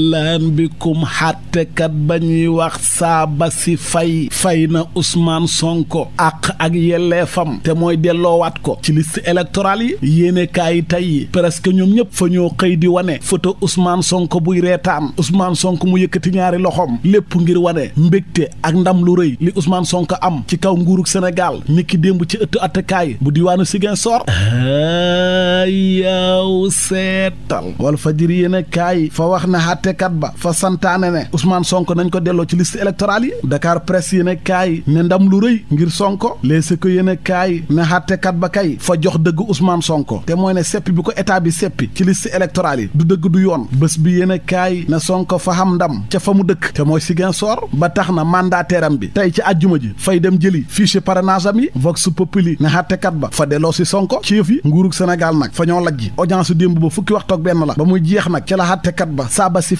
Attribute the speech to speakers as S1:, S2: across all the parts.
S1: ahlan bikum xàttekat ba ñuy wax saaba si fay fay na Ousmane Sonko àq ak yelleefam te mooy delloowaat ko ci liste électorale yi yéene kaay yi tey presque ñoom ñëpp fa ñoo xëy di wane photo Ousmane sonk buy reetaan Ousmane sonk mu yëkkati ñaari loxoom lépp ngir wane mbégte ak ndam lu rëy li Ousmane Sonko am ci kaw nguurug senegaal niki démb ci ëttu attekaay bu diwaanu Ziguinchor yaw seetal Walfadjri yéene kaay fa wax na xàtte àttekat ba fa santaane ne Ousmane Sonko nañ ko delloo ci liste électorale yi Dakar presse yéen kaay ne ndam lu rëy ngir Sonko Les Échos yéen kaay ne àttekat ba kay fa jox dëgg Ousmane Sonko te mooy ne seppi bi ko état bi seppi ci liste électorale yi du dëgg du yoon bés bi yéen kaay ne Sonko fa xam ndam ca fa mu dëkk te mooy Ziguinchor ba tax na mandataire bi tey ci àjjuma ji fay dem jëli si parrainage am yi Vox Populi ne àttekat ba fa delloo si Sonko ci yëf yi nguurug Sénégal fa ñoo lajji audience fukki waxtu ak benn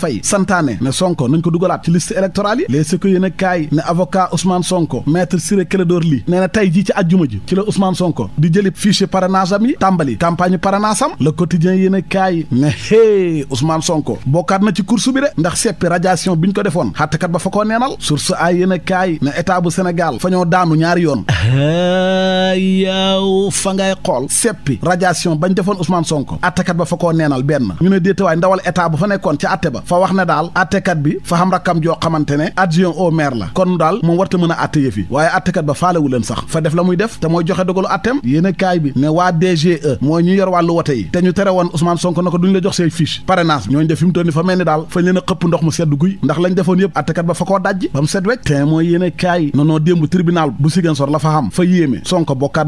S1: fay santaane ne Sonko nañ ko dugalaat ci liste électorale yi léeg si ko yéen a kaay ne avocat Ousmane Sonko maître Ciré Clédor Ly nee na tey jii ci ajjuma ji ci la Ousmane Sonko di jëli fiche parrainage am yi tàmbali campagne parrainage am le quotidien yéen a kaay ne hé Ousmane Sonko bokkaat na ci course bi de ndax seppi radiation bi ñu ko defoon xàttekat ba fa koo neenal source a yéen a kaay ne état bu Sénégal fa ñoo daanu ñaari yoon yaaw fa ngay xool seppi radiation bañ defoon Ousmane Sonko attekat ba fa koo neenal benn ñu ne déetawaay bu fa nekkoon ci atte ba fa wax ne daal attekat bi fa xam rakkam joo xamante ne adjoint au maire la kon daal moom warta mën a atte yëf yi waaye attekat ba faalewu leen sax fa def la muy def te mooy joxe dogalu atteem yéene kaay bi ne waa DGE mooy ñu yor wàllu wote yi te ñu tere woon Ousmane Sonko na ko duñ la jox say fiche parrainage ñooñu def fi mu toll ni fa mel ni daal fañ leen a xëpp ndox mu sedd guy ndax lañ defoon yëpp attekat ba fa koo dajj ba mu sedd wecc te mooy yéene kaay nonoo démb tribunal bu Ziguinchor la fa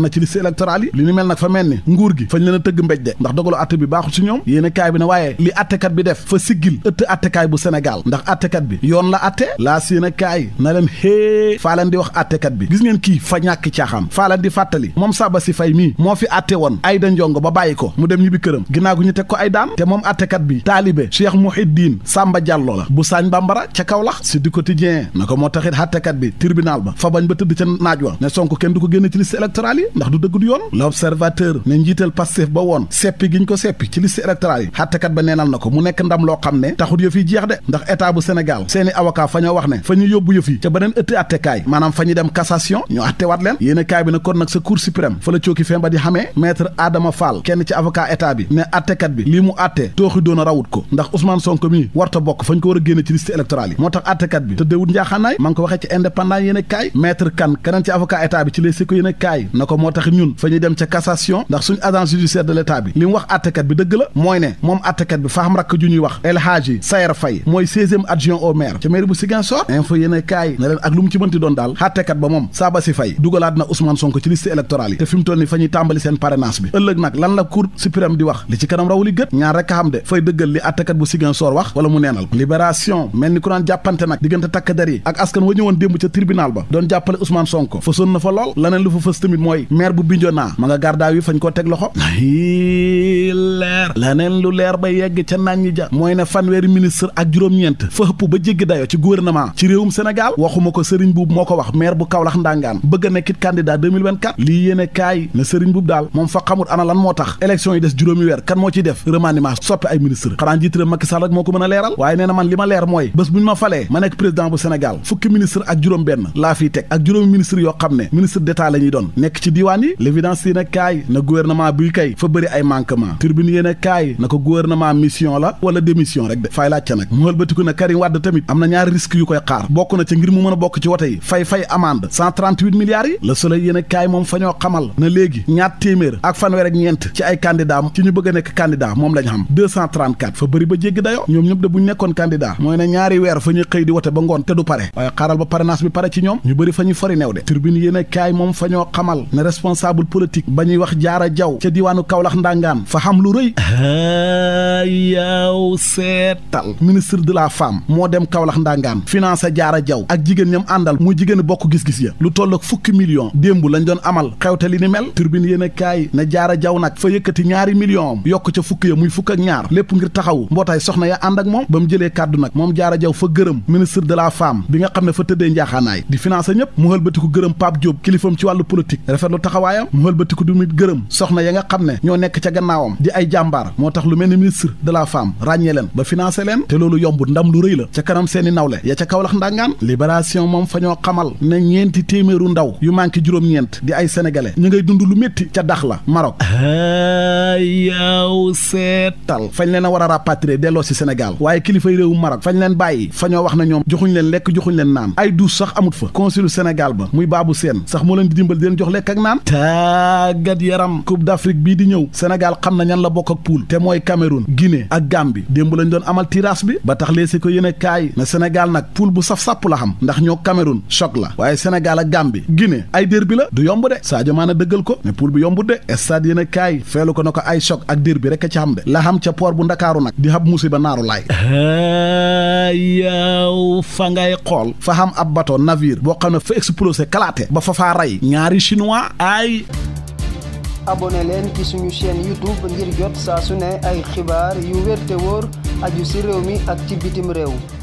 S1: na ci liste électorale li ni mel nag mel ni nguur gi fañ leen a tëgg mbéj de ndax dogalu atte bi baaxul si ñoom yéene kaay bi ne waaye li attekat bi def fa siggil ëtt attekaay bu Sénégal ndax attekat bi yoon la atte laas yéen a kaay na leen xée faa leen di wax attekat bi gis ngeen kii fa ñàkk caaxaan faa leen di fàttali moom saaba si fay mii moo fi atte woon da Ndiongo ba bàyyi ko mu dem ñibbi këram ginnaaw gu ñu teg ko ay daan te moom attekat bi taalibe Cheikh Mouhidine Samba Diallo la bu bamba Bambara ca Kaolack si du quotidien na ko moo taxit attekat bi tribunal ba fa bañ ba tëdd ca naaj wa ne Sonko kenn du ko génn ci liste électorale yi ndax du dëgg du yoon l'observateur ne njiital ko seppi ci liste électorale yi attekat ba mu nekk ndam loo xam ne taxu wut yëf jeex de ndax état bu Sénégal seeni avocat fa ñoo wax ne fa ñu yóbbu yëf yi ca beneen ëtti attekaay maanaam fa ñu dem cassation ñu attewaat leen yéen a kaay bi ne kon nag sa cour suprême fa la cooki fen di xamee maître Adama Fall kenn ci avocat état bi ne attekat bi lii mu atte tooxi doon rawut ko ndax Ousmane Sonko mi warta bokk fañ ko war a génne ci liste électorale yi moo tax attekat bi tëddeewut njaaxaanaay ma ko waxee ci indépendant yéen a kaay maître kan keneen ci avocat état a kaay ko moo tax ñun fa ñuy dem ca cassation ndax suñu agence judiciaire de l' état bi li bi dëgg la mooy ne moom attekat bi fa xam rakk ju ñuy El Hadji Sayer Faye mooy seizième adjoint au maire ca mairie bu Ziguinchor info yéene kaay ne leen ak lu mu ci mënti doon daal xàttekat ba moom Sabassy Faye dugalaat na Ousmane Sonko ci liste électorale yi te fi ni fa tàmbali seen parrainage bi ëllëg nag lan la Cour suprême di wax li ci kanam raw li gët ñaar rek a xam de fay dëggal li àttekat bu Ziguinchor wax wala mu neenal ko mel ni ku naan jàppante nag diggante takk der yi ak askan ma ministre ak juróom-ñeent fa ëpp ba jéggi dayo ci gouvernement ci réewum Sénégal waxuma ko Serigne Boub moo ko wax maire bu Kaolack ndangaan bëgg a nekkit candidat 2024 lii yéene kaay ne Serigne Boub daal moom fa xamul ana lan moo tax élection yi des juróomi weer kan moo ci def remaniement soppi ay ministre xanaa njiit réew rek moo ko mën a leeral waaye nee man li ma leer mooy bés bu ñu ma falee ma nekk président bu Sénégal fukki ministre ak juróom benn laa ne ministre d'état la ñuy doon ay manquement turbine yéene kaay na wala démission rek fay mu wëlbatiku ne Karim Wade tamit am na ñaari risque yu koy xaar bokk na ca ngir mu mën a bokk ci wote yi fay fay amande 138 yi Le Soleil yéen kaay moom fa xamal na léegi ñaat téeméer ak fanweer ak ñeent ci ay candidat ci ñu bëgg a nekk candidat moom lañ xam fa bëri ba jéggi dayo ñoom ñëpp de buñ nekkoon candidat mooy ne ñaari weer fa ñuy di wote ba ngoon te du pare waaye xaaral ba parrainage bi pare ci ñoom ñu bëri fa ñuy fori new de turbine Tal ministre de la femme moo dem Kaolack ndangaan financé Jaara Jaw ak jigéen ñam àndal muy jigéen bokk gis-gis ya lu toll fukki million démb lañ doon amal xewte li ni mel turbine yéen a kaay na Jaara Jaw nag fa yëkkati ñaari million yokk ca fukki ya muy fukk ak ñaar lépp ngir taxawu mbootaay soxna ya ànd ak moom ba mu jëlee kàddu nag moom Jaara Jaw fa gërëm ministre de la femme bi nga xam ne fa tëddee njaaxaanaay di financé ñëpp mu xëlbatiku gërëm Pape Diop kilifam ci wàllu politique rafetlu taxawaayam mu xëlbatiku du mit gërëm soxna ya nga xam ne ñoo nekk ca gannaawam di ay jàmbaar moo tax lu mel ni ministre de la femme ràññee leen renforcer leen te loolu yomb ndam lu rëy la ca kanam seeni nawle ya ca kawlax ndàngaan libération moom fañoo ñoo xamal ne ñeenti téeméeru ndaw yu manqué juróom-ñeent di ay sénégalais ñu ngay dund lu métti ca dax la Maroc yaw seetal fañ leen a war a delloo si Sénégal waaye kilifay réewu Maroc fañ leen bàyyi fañoo wax na ñoom joxuñ leen lekk joxuñ leen naan ay duus sax amut fa consul Sénégal ba muy baabu seen sax moo leen di dimbali di leen jox lekk ak naan tàggat yaram coupe d'Afrique bii di ñëw Sénégal xam na ñan la bokk ak te mooy Cameroun Guinée ak Gambie démb lañ doon amal tirage bi ba tax lee si ko yéene kaay ne nag poule bu saf-sàpp la xam ndax ñoo Cameroun choc la waaye Sénégal ak Gambie Guinée ay derby la du yomb de Sadio Mané dëggal ko mais poule bi yomb de stade yéene kaay feelu ko na ko ay choc ak derby rek a ci xam de la xam ca port bu Ndakaaru nag di hab musiba naaru laay yow fa ngay xool fa xam ab bato navire boo xam ne fa explosé kalaate ba fa faa ñaari chinois ay abonné leen ci suñu chaîne YouTube ngir aju ci réew mi ak ci bitim réew